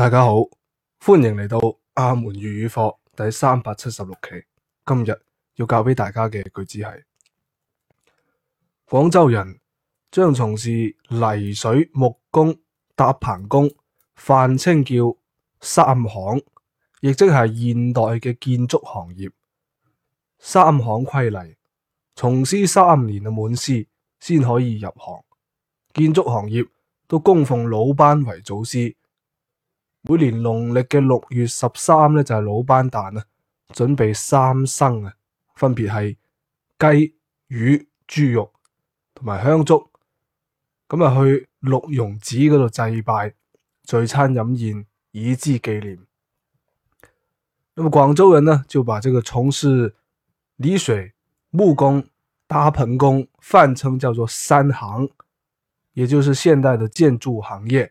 大家好，歡迎嚟到阿門粵語課第三百七十六期。今日要教俾大家嘅句子係：廣州人將從事泥水、木工、搭棚工，泛稱叫三行，亦即係現代嘅建築行業。三行規例，從師三年嘅滿師先可以入行。建築行業都供奉魯班為祖師。每年農曆嘅六月十三咧，就係、是、魯班誕啊，準備三牲啊，分別係雞、魚、豬肉同埋香燭，咁啊去六榕寺嗰度祭拜、聚餐、飲宴，以之紀念。那麼廣州人呢，就把這個從事泥水、木工、搭棚工，泛稱叫做三行，也就是現代嘅建築行業。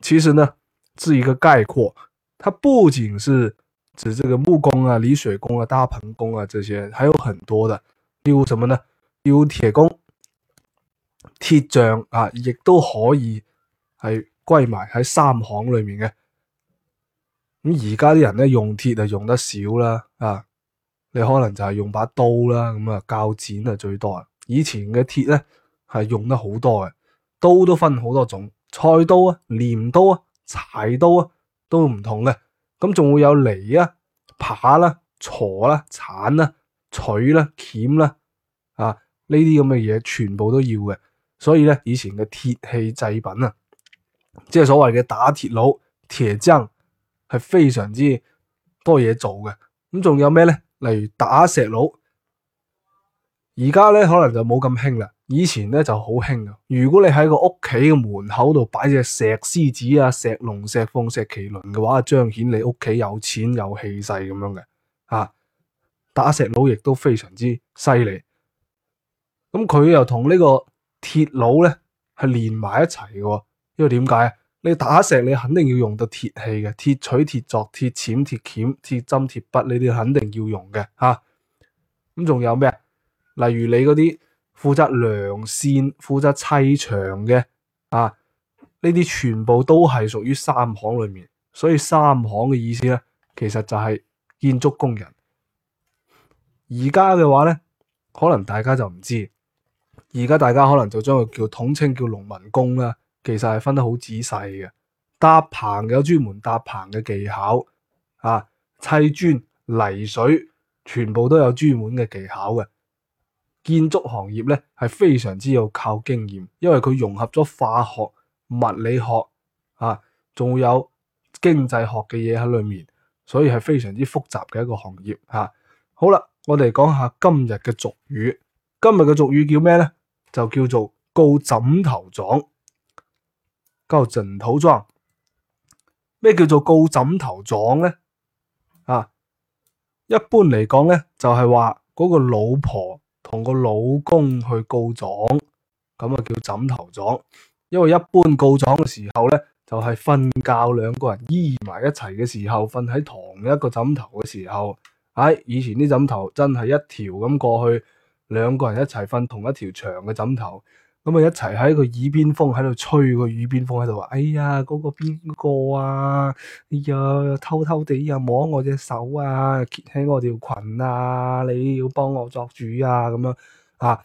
其實呢，是一個概括，它不僅是指這個木工啊、泥水工啊、搭棚工啊這些，還有很多的叫什麼呢？叫鐵工、鐵匠啊，亦都可以係歸埋喺三行裏面嘅。咁而家啲人呢用鐵啊用得少啦，啊，你可能就係用把刀啦，咁啊鉸剪啊最多。以前嘅鐵呢係用得好多嘅，刀都分好多種。菜刀啊、鐮刀啊、柴刀啊，都唔同嘅。咁仲會有犁啊、耙啦、鋤啦、鏟啦、錘啦、鉗啦，啊呢啲咁嘅嘢全部都要嘅。所以咧，以前嘅鐵器製品啊，即係所謂嘅打鐵佬、鐵匠，係非常之多嘢做嘅。咁仲有咩咧？例如打石佬，而家咧可能就冇咁興啦。以前咧就好興㗎！如果你喺個屋企嘅門口度擺隻石獅子啊、石龍、石鳳、石麒麟嘅話，啊彰顯你屋企有錢有氣勢咁樣嘅。啊，打石佬亦都非常之犀利。咁、啊、佢又同呢個鐵佬咧係連埋一齊嘅。因為點解啊？你打石你肯定要用到鐵器嘅，鐵錘、鐵鑿、鐵鑽、鐵鉗、鐵針、鐵筆，你哋肯定要用嘅。吓、啊，咁、啊、仲有咩啊？例如你嗰啲。負責量線、負責砌牆嘅，啊，呢啲全部都係屬於三行裏面，所以三行嘅意思咧，其實就係建築工人。而家嘅話咧，可能大家就唔知，而家大家可能就將佢叫統稱叫農民工啦。其實係分得好仔細嘅，搭棚有專門搭棚嘅技巧，啊，砌磚、泥水，全部都有專門嘅技巧嘅。建築行業咧係非常之要靠經驗，因為佢融合咗化學、物理學啊，仲會有經濟學嘅嘢喺裏面，所以係非常之複雜嘅一個行業吓，啊。好啦，我哋講下今日嘅俗語。今日嘅俗語叫咩咧？就叫做告枕頭狀、告枕頭狀。咩叫做告枕頭狀咧？啊，一般嚟講咧，就係話嗰個老婆，同個老公去告狀，咁啊叫枕頭狀，因為一般告狀嘅時候呢，就係、是、瞓覺兩個人依埋一齊嘅時候，瞓喺同一個枕頭嘅時候，喺、哎、以前啲枕頭真係一條咁過去，兩個人一齊瞓同一條長嘅枕頭。咁啊，一齊喺個耳邊風喺度吹個，個耳邊風喺度話：哎呀，嗰、這個邊個啊？你、哎、又偷偷地又摸我隻手啊，揭起我條裙啊，你要幫我作主啊？咁樣啊？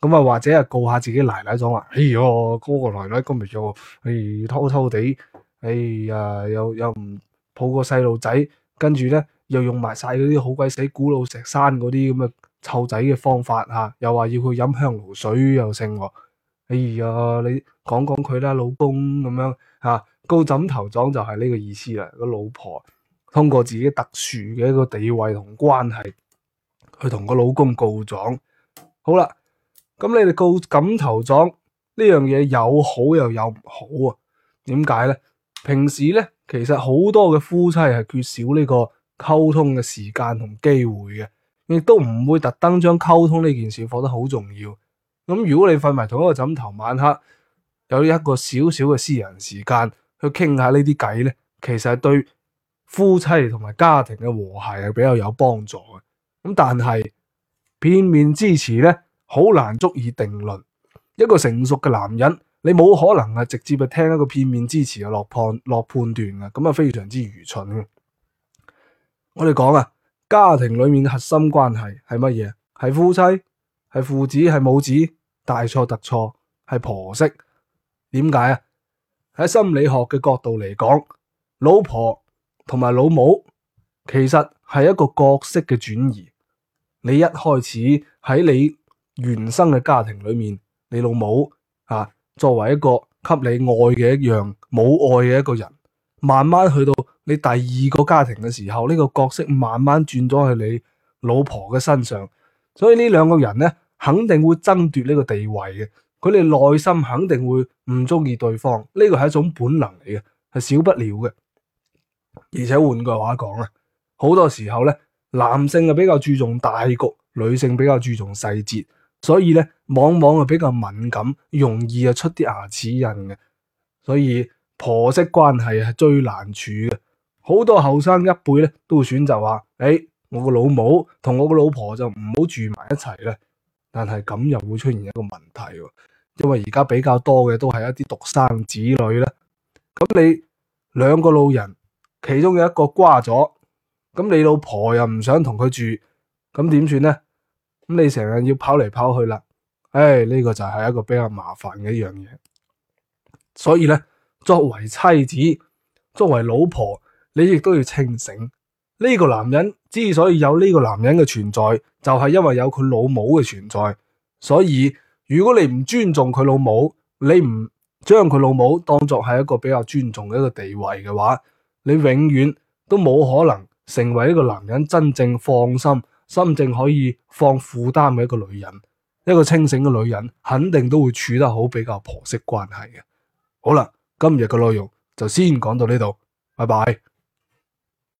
咁啊？或者啊，告下自己奶奶講話：哎呀，嗰、這個奶奶今日又哎偷偷地，哎呀，又又唔抱個細路仔，跟住咧又用埋晒嗰啲好鬼死古老石山嗰啲咁啊！湊仔嘅方法嚇，又話要佢飲香爐水又勝喎。哎呀，你講講佢啦，老公咁樣嚇、啊。告枕頭狀就係呢個意思啦。個老婆通過自己特殊嘅一個地位同關係，去同個老公告狀。好啦，咁你哋告枕頭狀呢樣嘢有好又有唔好啊？點解呢？平時呢，其實好多嘅夫妻係缺少呢個溝通嘅時間同機會嘅。亦都唔會特登將溝通呢件事放得好重要。咁如果你瞓埋同一個枕頭，晚黑有一個少少嘅私人時間去傾下呢啲偈呢，其實對夫妻同埋家庭嘅和諧係比較有幫助嘅。咁但係片面之詞呢，好難足以定論。一個成熟嘅男人，你冇可能係直接去聽一個片面之詞啊落判落判斷嘅，咁啊非常之愚蠢我哋講啊。家庭裏面核心關係係乜嘢？係夫妻，係父子，係母子，大錯特錯，係婆媳。點解啊？喺心理學嘅角度嚟講，老婆同埋老母其實係一個角色嘅轉移。你一開始喺你原生嘅家庭裏面，你老母啊，作為一個給你愛嘅一樣冇愛嘅一個人，慢慢去到。你第二個家庭嘅時候，呢個角色慢慢轉咗去你老婆嘅身上，所以呢兩個人呢，肯定會爭奪呢個地位嘅。佢哋內心肯定會唔中意對方，呢個係一種本能嚟嘅，係少不了嘅。而且換句話講啊，好多時候呢，男性啊比較注重大局，女性比較注重細節，所以呢，往往啊比較敏感，容易啊出啲牙齒印嘅。所以婆媳關係係最難處嘅。好多後生一輩咧，都會選擇話，誒,我個老母同我個老婆就唔好住埋一齊咧。但係咁又會出現一個問題，因為而家比較多嘅都係一啲獨生子女咧。咁你兩個老人，其中有一個瓜咗，咁你老婆又唔想同佢住，咁點算呢？咁你成日要跑嚟跑去啦。誒，呢個就係一個比較麻煩嘅一樣嘢。所以咧，作為妻子，作為老婆。你亦都要清醒。呢個男人之所以有呢個男人嘅存在，就係因為有佢老母嘅存在。所以，如果你唔尊重佢老母，你唔將佢老母當作係一個比較尊重嘅一個地位嘅話，你永遠都冇可能成為一個男人真正放心、心正可以放負擔嘅一個女人。一個清醒嘅女人，肯定都會處得好比較婆媳關係嘅。好啦，今日嘅內容就先講到呢度。拜拜。